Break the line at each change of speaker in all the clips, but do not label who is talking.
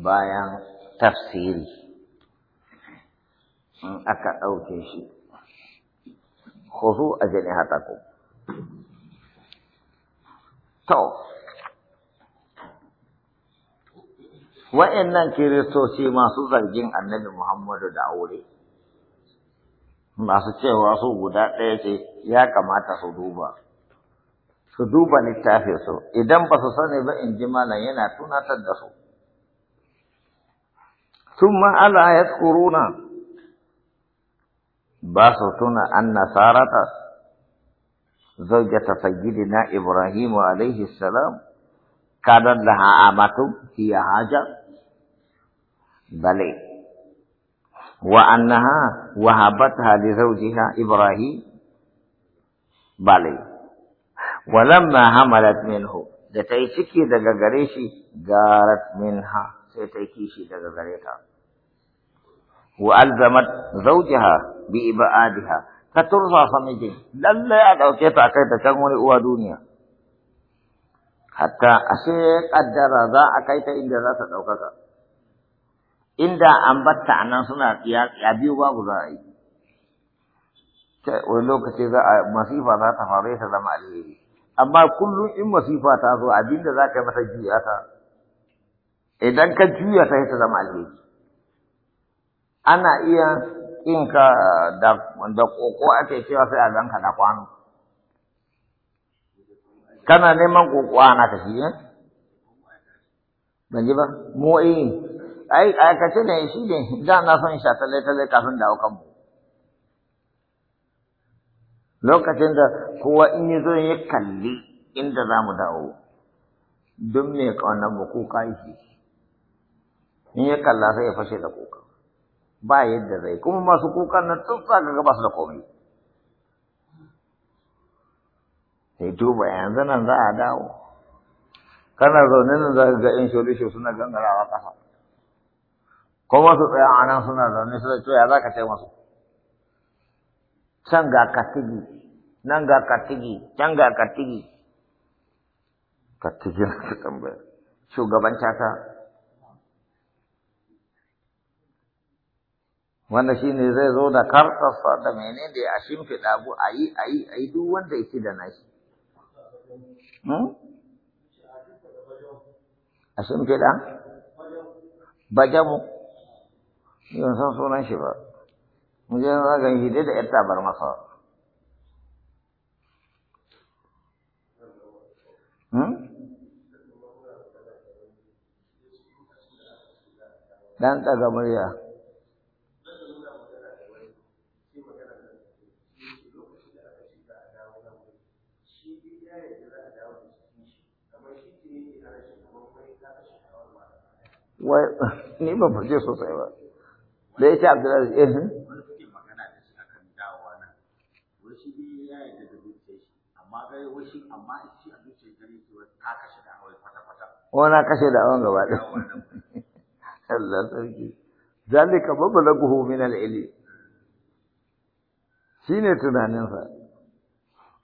bayan tafsiri in aka ɗauke shi a khuzu ajnihatakum to wa'annan kiristoci masu zargin annabi Muhammadu da aure masu cewa su guda ɗaya ce ya kamata su duba su duba littafinsu idan ba su sani ba in ji malam yana tunatar da su ثم ألا يذكرون أن سارة زوجة سيدنا إبراهيم عليه السلام كانت لها آمة هي حاجة بل وأنها وهبتها لزوجها إبراهيم بل ولما حملت منه لتيشكي دقا قريشي جارت منها sai ta yi kishi daga gare ta wa alzamat zawjaha bi ibadiha ta fa mijin lallai a dauke ta kai ta can wani uwa duniya hatta ashe kaddara za a kai ta inda za ta ɗaukaka inda an batta nan suna ya biyu babu za a yi wani lokaci za a masifa za ta faru ta zama alheri amma kullum in masifa ta zo abinda za ka yi mata juya ta idan ka juya ta ta zama alheri ana iya in ka da koko ake cewa sai a zanka da kwano kana neman koko ana ka shi eh? ban ji ba mu eh ai aikace ne shi ne da na son sha talle talle kafin da aukan mu lokacin da kowa in yi zo ya kalli inda za mu dawo don me wannan mu ko kai shi in ya kalla sai ya fashe da kuka ba yadda zai kuma masu kukan na tun ga gabas da komai sai duba yanzu nan za a dawo kana zaune nan za ka ga yan shi suna gangarawa kasa kuma su tsaya a nan suna zaune suna cewa za ka taimaka masu can ga katigi nan ga katigi can ga katigi katigi su tambaya shugaban ta wanda shi ne zai zo da karfafa da mene da a shimfiɗa abu a yi a yi a yi duk wanda yake da nashi. Hmm? A shimfiɗa? Bajamu? Yan san sunan shi ba. Mu je na gan shi dai da ‘yar tabar masa. Hmm? Dan ɗaga murya. ya za a dawo da ba wai ni sosai ba da ya abdullahi eh hmm? wani kuke magana da shi akan dawowa nan wai shi ne ya yi da shi amma ga wai amma shi a shi wai ka kashe da kwata kwata wani kashe da gaba ɗaya Allah sarki zalika min al-ilm shine tunaninsa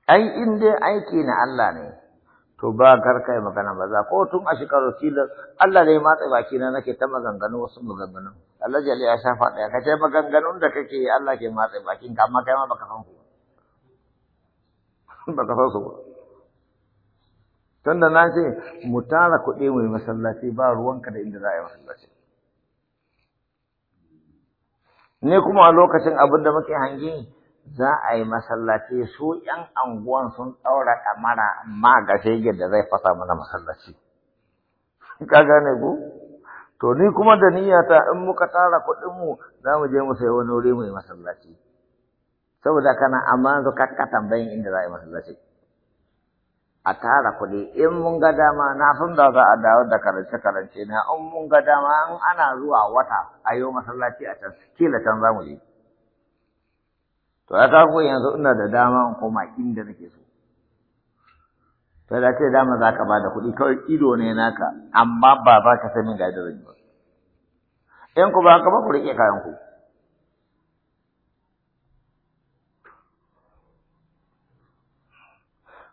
ai in dai aiki na Allah ne to ba karkai magana ba za ko tun a shekaru tilas Allah ne matsa baki na nake ta maganganu wasu maganganu Allah jali ya shafa daya ka ce maganganun da kake Allah ke matsa baki ka amma kai ma baka san ku baka san su ba tunda na ce mu tara kuɗi mai masallaci ba ruwanka da inda za a yi masallaci ne kuma a lokacin abin da muke hangi za a yi masallaci su ‘yan anguwan sun ɗaura kamara ma ga shege da zai fasa mana masallaci. Ka gane ku? To ni kuma da niyyata in muka tara kuɗinmu za mu je mu sayi wani wuri mai masallaci. Saboda kana amma yanzu kakka tambayin inda za a yi masallaci. A tara kuɗi in mun ga dama na sun da za a dawo da karance-karance na in mun ga dama in ana zuwa wata a yi masallaci a can kila can za mu je. to a kago yanzu ina da dama in koma inda nake so sai da ce dama za ka bada kuɗi kawai ido ne naka amma ba ba ka sanin ga yadda ba in ku ba ka ba ku riƙe kayan ku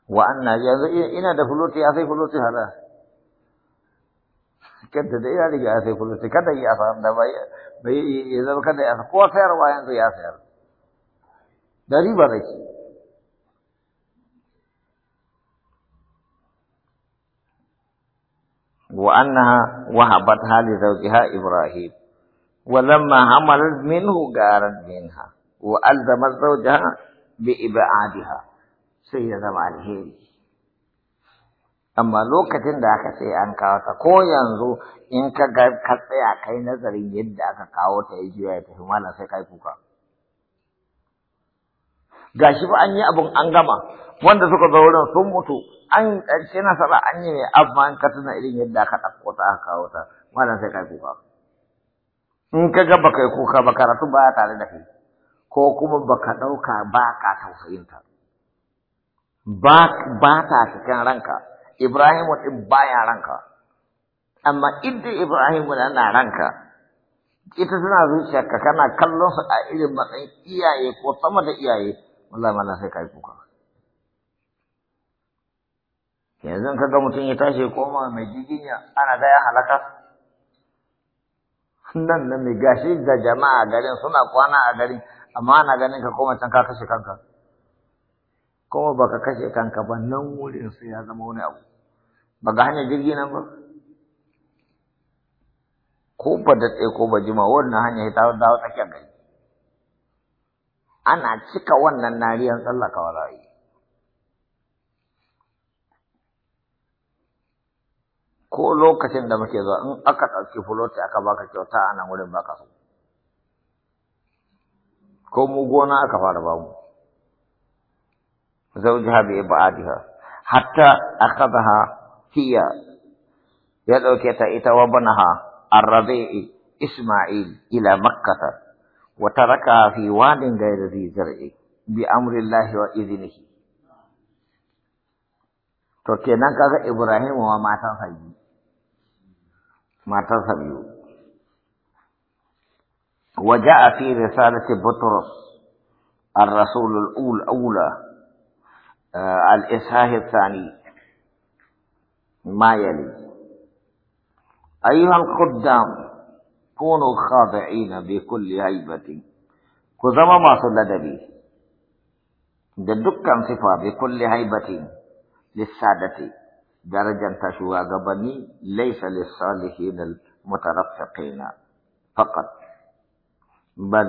wa anna yanzu ina da fuloti ya sai fuloti hala kada da ina da ya sai fuloti kada ya fara da bai bai ya zama kada ya fa ko sayarwa yanzu ya sayar dari baraki wa annaha wahabat hali zawjiha ibrahim wa lamma minhu garat minha wa alzama zawjaha bi ibadiha sai ya zama alheri amma lokacin da aka sai an kawo ko yanzu in ka ga ka tsaya kai nazarin yadda aka kawo ta ya juya ta fi mana sai kai kuka gashi ba an yi abun an gama wanda suka zo wurin sun mutu an ƙarshe nasara an yi mai an ka na irin yadda aka ɗauko ta aka kawo ta malam sai kai kuka in ka ga baka yi kuka ba karatu baya tare da kai ko kuma baka ɗauka ba ka ta. ba ta cikin ranka Ibrahimu ɗin baya ranka amma idan Ibrahim na ranka ita tana zuciyarka kana kallon su a irin matsayin iyaye ko sama da iyaye wallahi mallan sai kai kuka yanzu kaga mutum ya tashi koma mai giginya ana ga ya halaka nan nan mai gashi da jama'a garin suna kwana a garin amma ana ganin ka koma can ka kashe kanka kuma baka kashe kanka ba nan wurin su ya zama wani abu ga hanya jirgi nan ba ko ba da ko ba jima wannan hanya ta dawo tsakiyar gari ana cika wannan nariyan tsallakawa ra'ayi ko lokacin da muke zuwa in aka ɗauki fuloti aka baka kyauta a nan wurin baka so ko mu gona aka fara bamu zaujaha bi ibadiha hatta akhadaha hiya ya dauke ta ita wa banaha arrabi'i isma'il ila makkah وتركها في واد غير ذي زرع بأمر الله وإذنه to كذا إبراهيم Ibrahim wa matansa biyu وجاء في رسالة بطرس الرسول الأول أولى آه الإسهاه الثاني ما يلي أيها القدام كونوا خاضعين بكل هيبة كذما ما سلدبي دكان صفا بكل هيبة للسادة درجة تشوى غبني ليس للصالحين المترفقين فقط بل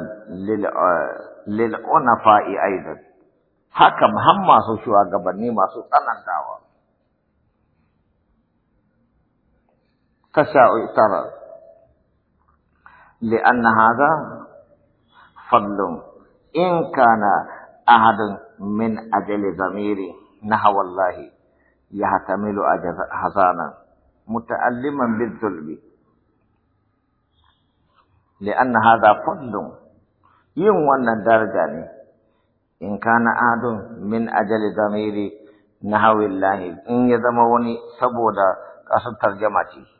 للعنفاء أيضا حكم هم ما سوى غبني ما سوى تننداوا تشاء ترى لأن هذا فضل إن كان أحد من أجل ضميري نحو الله يحتمل حزانا متألما بالذلب لأن هذا فضل يوانا درجاني إن كان أحد من أجل ضميري نحو الله إن يزموني سبودا أصل ترجمتي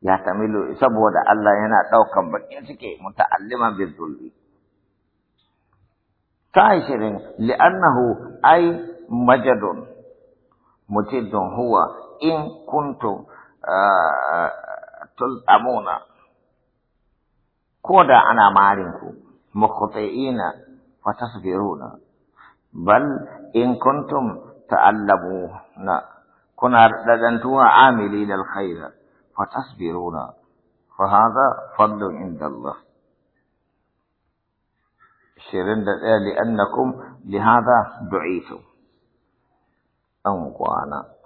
ya tamilu saboda Allah yana ɗaukan bakin suke muta'allima bi zulli ta shirin li'annahu ai majadun mutidun huwa in kuntum tul'amuna ko da ana marinku mukhti'ina wa tasbiruna bal in kuntum ta'allamuna kuna dadantuwa amilina alkhaira فتصبرون فهذا فضل عند الله شرند لأنكم لهذا دعيتم أنقوانا